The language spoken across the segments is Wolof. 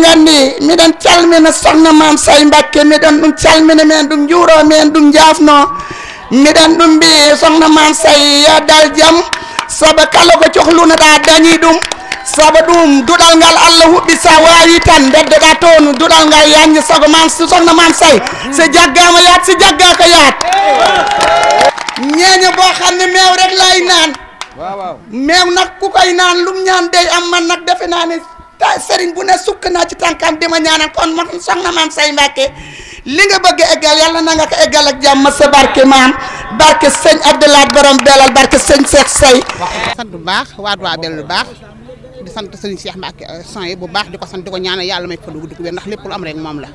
en gandi miɗen calmina sokhna mam mbakke miɗen ɗum calmina men ɗum juuro men ɗum jafno miɗen ɗum mbi sokhna mam saye yo dal kala ko cohlunoɗa dañi ɗum saabu ɗum duɗal ngal allah huɓɓi sa wawi tan beddoɗa toon duɗal ngal yanñi sago mam sokhna mam saye yaat so jagga ko yaat ñeeño boo xam meew rek lay naan meew nag naan lum ñaan dey am man nag defe naa ne te sëriñ bu ne sukk naa ci tànkam di ma ñaanal kon man soxna maam say Mbàkke li nga bëgg eggal yàlla na nga ko eggal ak jàmm sa barke maam barke sëñ Abdoulaye borom Belal barke sëñ Cheikh Sey. sant bu baax waat waa Belal baax di sant sëñ Cheikh Mbàkke euh, son yi bu baax di ko sant di ko ñaanal yàlla may ko dugg wér ndax lépp lu am rek moom la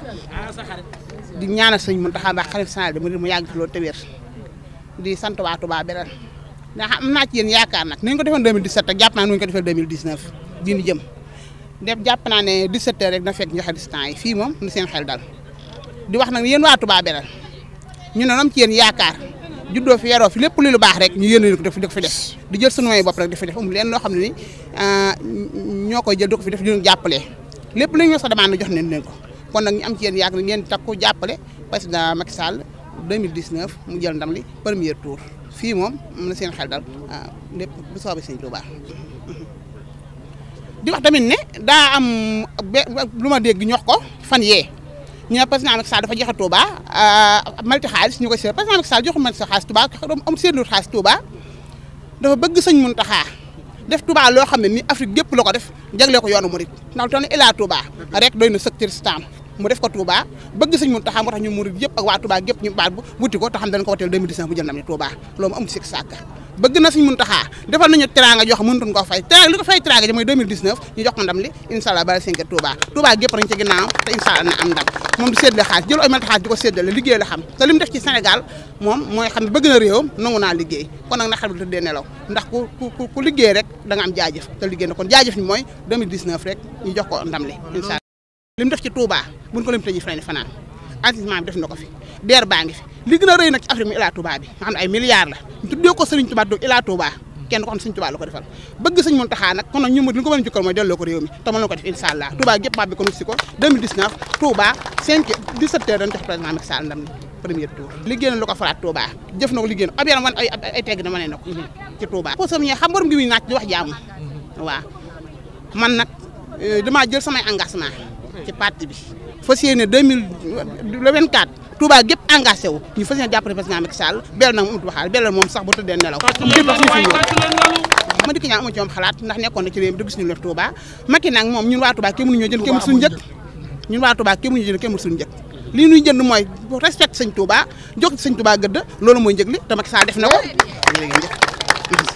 di ñaanal sëñ Mountakha Mbacké xalif général bi mu yàgg ci loolu te wér di sant waa Touba Belal ndax am naa ci yéen yaakaar nag ni ñu ko dem jàpp naa ne 17h rek na fekk njoxe distance yi fii moom nu seen xel dal di wax nag yéen waa Touba Belel ñu ne am ci yéen yaakaar jur juddoo fi yaroo fi lépp lu lu baax rek ñu yéen ko def di ko fi jël sunu may bopp rek di leen loo xam ni ah, ñoo koy jël ko fi def di jàppale lépp lu ñu sa demande jox nañ leen ko kon nag ñu am ci yéen yaakaar ngeen takku jàppale président Macky Sall 2019 mu jël ndam li premier tour fii moom mën na seen xel dal ah, lépp bu soobee sëñ Touba di wax tamit ne daa am lu ma dégg ñox ko fan yee ñu ne président Macky Sall dafa joxe Touba euh, malti xaalis ñu ko seet président Macky Sall joxul malti xaalis Touba amul seen loolu xaalis Touba dafa bëgg sëñ Mountakha def Touba loo xam ne ni Afrique gépp la ko def jagle ko yoonu murit ndax toll ilaa Touba rek doy na secteur stam mu def ko Touba bëgg sëñ Mountakha moo tax ñu murit yëpp ak waa Touba gépp ñu baat bu wuti ko te xam dañ ko woteel 2019 bu jël ndam ne Touba loolu mu bëgg na suñ Muntaxa defal nañu teranga jox mënutuñ koo fay teranga li ko fay teranga ji mooy 2019 ñu jox na am ndam moom du séddale mooy xam ne bëgg na kon na xam ne tëddee nelaw ndax ku ku ku liggéey rek nga am jaajëf te liggéey na kon jaajëf ñi mooy 2019 rek jox ko ndam li incha allah li mu def ci Touba buñ ko lim te ñu fanaan assainissement bi def na ko fi DER baa ngi fi li gën a rëy nag ci Afrique mu Ila Touba bi nga xam ne ay milliards la ñu tuddee ko Serigne Touba doog Ila Touba kenn ko xam ne Serigne Touba la ko defal bëgg Serigne Mountakha nag kon nag ñu ma li ko mën a jukkal mooy delloo ko réew mi te mën na ko def incha allah Touba gépp mat bi kon si ko 2019 Touba 5 17 heures dañ jox président Macky Sall ndam premier tour liggéey na lu ko falaat Touba jëf na ko liggéey na ab yaram wan ay ay tegg na wane na ko mhm, ci Touba pour sam ñee xam borom gi muy naaj di wax jaamu mhm. waaw man nag euh, damaa jël samay engagement ci parti bi fas yéene deux mille le vingt quatre Touba gépp engagé wu ñu fas yéene jàppale président Macky Sall bel nag mu ut waxaal moom sax bu tëddee nelaw lépp suñu fi ma dikk ci moom xalaat ndax nekkoon na ci réew mi gis ñu def Touba Macky nag moom ñun waa Touba kenn mënuñoo jënd kenn suñu njëkk ñun waa Touba kenn mënuñoo jënd kenn suñu njëkk li ñuy jënd mooy respect sëñ Touba jox sëñ Touba gëdd loolu mooy njëg li te Macky Sall def na ko